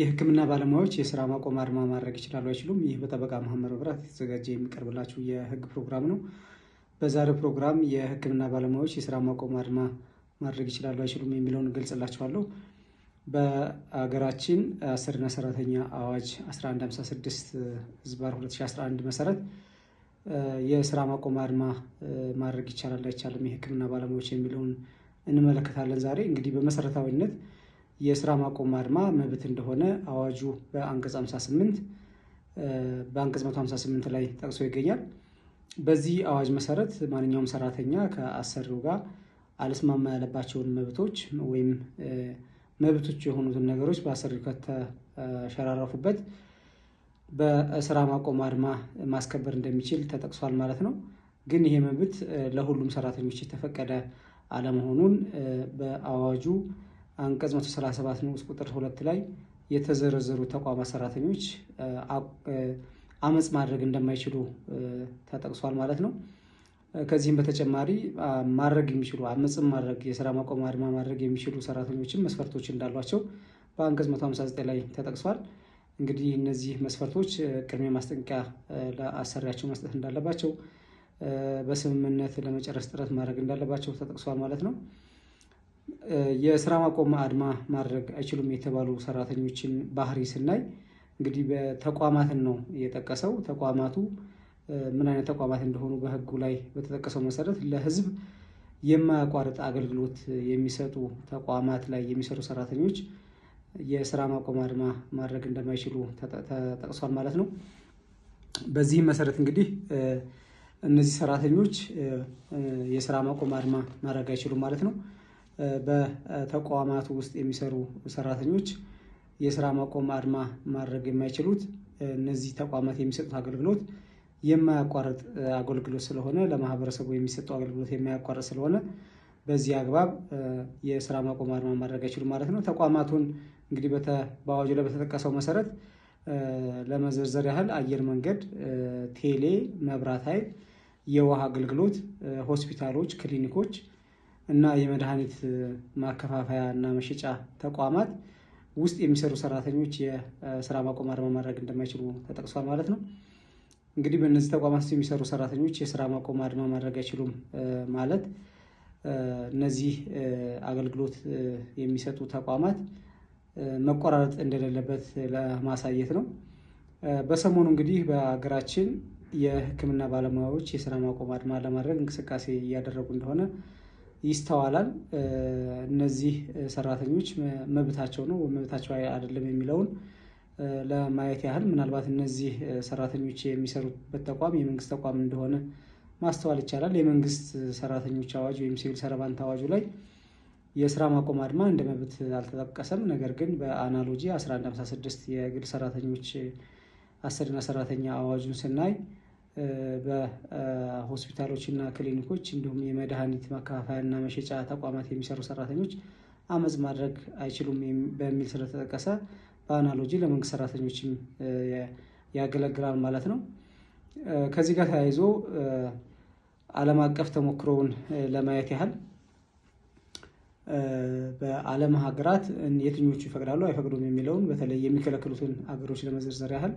የህክምና ባለሙያዎች የስራ ማቆም አድማ ማድረግ ይችላሉ አይችሉም? ይህ በጠበቃ መሐመድ መብራት የተዘጋጀ የሚቀርብላችሁ የህግ ፕሮግራም ነው። በዛሬው ፕሮግራም የህክምና ባለሙያዎች የስራ ማቆም አድማ ማድረግ ይችላሉ አይችሉም የሚለውን እገልጽላችኋለሁ። በአገራችን አስርና ሰራተኛ አዋጅ 1156 ዝባር 2011 መሰረት የስራ ማቆም አድማ ማድረግ ይቻላል አይቻልም የህክምና ባለሙያዎች የሚለውን እንመለከታለን። ዛሬ እንግዲህ በመሰረታዊነት የስራ ማቆም አድማ መብት እንደሆነ አዋጁ በአንቀጽ 58 በአንቀጽ 158 ላይ ጠቅሶ ይገኛል። በዚህ አዋጅ መሰረት ማንኛውም ሰራተኛ ከአሰሪው ጋር አልስማማ ያለባቸውን መብቶች ወይም መብቶች የሆኑትን ነገሮች በአሰሪው ከተሸራረፉበት በስራ ማቆም አድማ ማስከበር እንደሚችል ተጠቅሷል ማለት ነው። ግን ይሄ መብት ለሁሉም ሰራተኞች የተፈቀደ አለመሆኑን በአዋጁ አንቀጽ 137 ንዑስ ቁጥር ሁለት ላይ የተዘረዘሩ ተቋማት ሰራተኞች አመፅ ማድረግ እንደማይችሉ ተጠቅሷል ማለት ነው። ከዚህም በተጨማሪ ማድረግ የሚችሉ አመፅም ማድረግ የስራ ማቆም አድማ ማድረግ የሚችሉ ሰራተኞችም መስፈርቶች እንዳሏቸው በአንቀጽ 159 ላይ ተጠቅሷል። እንግዲህ እነዚህ መስፈርቶች ቅድመ ማስጠንቀቂያ ለአሰሪያቸው መስጠት እንዳለባቸው፣ በስምምነት ለመጨረስ ጥረት ማድረግ እንዳለባቸው ተጠቅሷል ማለት ነው። የስራ ማቆም አድማ ማድረግ አይችሉም የተባሉ ሰራተኞችን ባህሪ ስናይ እንግዲህ በተቋማትን ነው የጠቀሰው። ተቋማቱ ምን አይነት ተቋማት እንደሆኑ በህጉ ላይ በተጠቀሰው መሰረት ለህዝብ የማያቋርጥ አገልግሎት የሚሰጡ ተቋማት ላይ የሚሰሩ ሰራተኞች የስራ ማቆም አድማ ማድረግ እንደማይችሉ ተጠቅሷል ማለት ነው። በዚህም መሰረት እንግዲህ እነዚህ ሰራተኞች የስራ ማቆም አድማ ማድረግ አይችሉም ማለት ነው። በተቋማት ውስጥ የሚሰሩ ሰራተኞች የስራ ማቆም አድማ ማድረግ የማይችሉት እነዚህ ተቋማት የሚሰጡት አገልግሎት የማያቋርጥ አገልግሎት ስለሆነ ለማህበረሰቡ የሚሰጠው አገልግሎት የማያቋርጥ ስለሆነ በዚህ አግባብ የስራ ማቆም አድማ ማድረግ አይችሉም ማለት ነው። ተቋማቱን እንግዲህ በአዋጁ ላይ በተጠቀሰው መሰረት ለመዘርዘር ያህል አየር መንገድ፣ ቴሌ፣ መብራት ኃይል፣ የውሃ አገልግሎት፣ ሆስፒታሎች፣ ክሊኒኮች እና የመድኃኒት ማከፋፈያ እና መሸጫ ተቋማት ውስጥ የሚሰሩ ሰራተኞች የስራ ማቆም አድማ ማድረግ እንደማይችሉ ተጠቅሷል ማለት ነው። እንግዲህ በእነዚህ ተቋማት የሚሰሩ ሰራተኞች የስራ ማቆም አድማ ማድረግ አይችሉም ማለት እነዚህ አገልግሎት የሚሰጡ ተቋማት መቆራረጥ እንደሌለበት ለማሳየት ነው። በሰሞኑ እንግዲህ በሀገራችን የሕክምና ባለሙያዎች የስራ ማቆም አድማ ለማድረግ እንቅስቃሴ እያደረጉ እንደሆነ ይስተዋላል። እነዚህ ሰራተኞች መብታቸው ነው መብታቸው አይደለም የሚለውን ለማየት ያህል ምናልባት እነዚህ ሰራተኞች የሚሰሩበት ተቋም የመንግስት ተቋም እንደሆነ ማስተዋል ይቻላል። የመንግስት ሰራተኞች አዋጅ ወይም ሲቪል ሰርቫንት አዋጁ ላይ የስራ ማቆም አድማ እንደ መብት አልተጠቀሰም። ነገር ግን በአናሎጂ 1156 የግል ሰራተኞች አሰሪና ሰራተኛ አዋጁን ስናይ በሆስፒታሎች እና ክሊኒኮች እንዲሁም የመድኃኒት ማከፋፈያ እና መሸጫ ተቋማት የሚሰሩ ሰራተኞች አመፅ ማድረግ አይችሉም በሚል ስለተጠቀሰ በአናሎጂ ለመንግስት ሰራተኞችም ያገለግላል ማለት ነው። ከዚህ ጋር ተያይዞ ዓለም አቀፍ ተሞክሮውን ለማየት ያህል በዓለም ሀገራት የትኞቹ ይፈቅዳሉ አይፈቅዱም የሚለውን በተለይ የሚከለክሉትን ሀገሮች ለመዘርዘር ያህል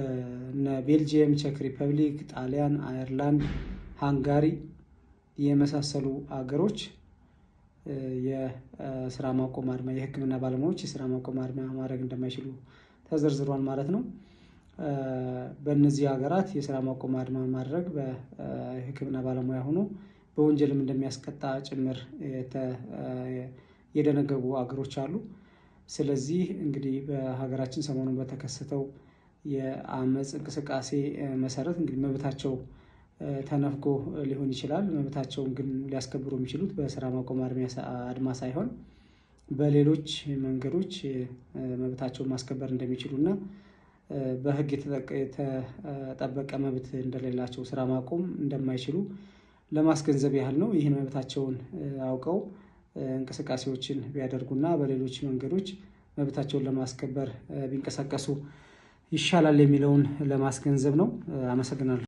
እነ ቤልጅየም፣ ቼክ ሪፐብሊክ፣ ጣሊያን፣ አየርላንድ፣ ሃንጋሪ የመሳሰሉ አገሮች የስራ ማቆም አድማ የህክምና ባለሙያዎች የስራ ማቆም አድማ ማድረግ እንደማይችሉ ተዘርዝሯል ማለት ነው። በእነዚህ ሀገራት የስራ ማቆም አድማ ማድረግ በህክምና ባለሙያ ሆኖ በወንጀልም እንደሚያስቀጣ ጭምር የደነገጉ አገሮች አሉ። ስለዚህ እንግዲህ በሀገራችን ሰሞኑን በተከሰተው የአመፅ እንቅስቃሴ መሰረት እንግዲህ መብታቸው ተነፍጎ ሊሆን ይችላል። መብታቸውን ግን ሊያስከብሩ የሚችሉት በስራ ማቆም አድማ ሳይሆን በሌሎች መንገዶች መብታቸውን ማስከበር እንደሚችሉ እና በሕግ የተጠበቀ መብት እንደሌላቸው ስራ ማቆም እንደማይችሉ ለማስገንዘብ ያህል ነው። ይህን መብታቸውን አውቀው እንቅስቃሴዎችን ቢያደርጉና በሌሎች መንገዶች መብታቸውን ለማስከበር ቢንቀሳቀሱ ይሻላል የሚለውን ለማስገንዘብ ነው። አመሰግናለሁ።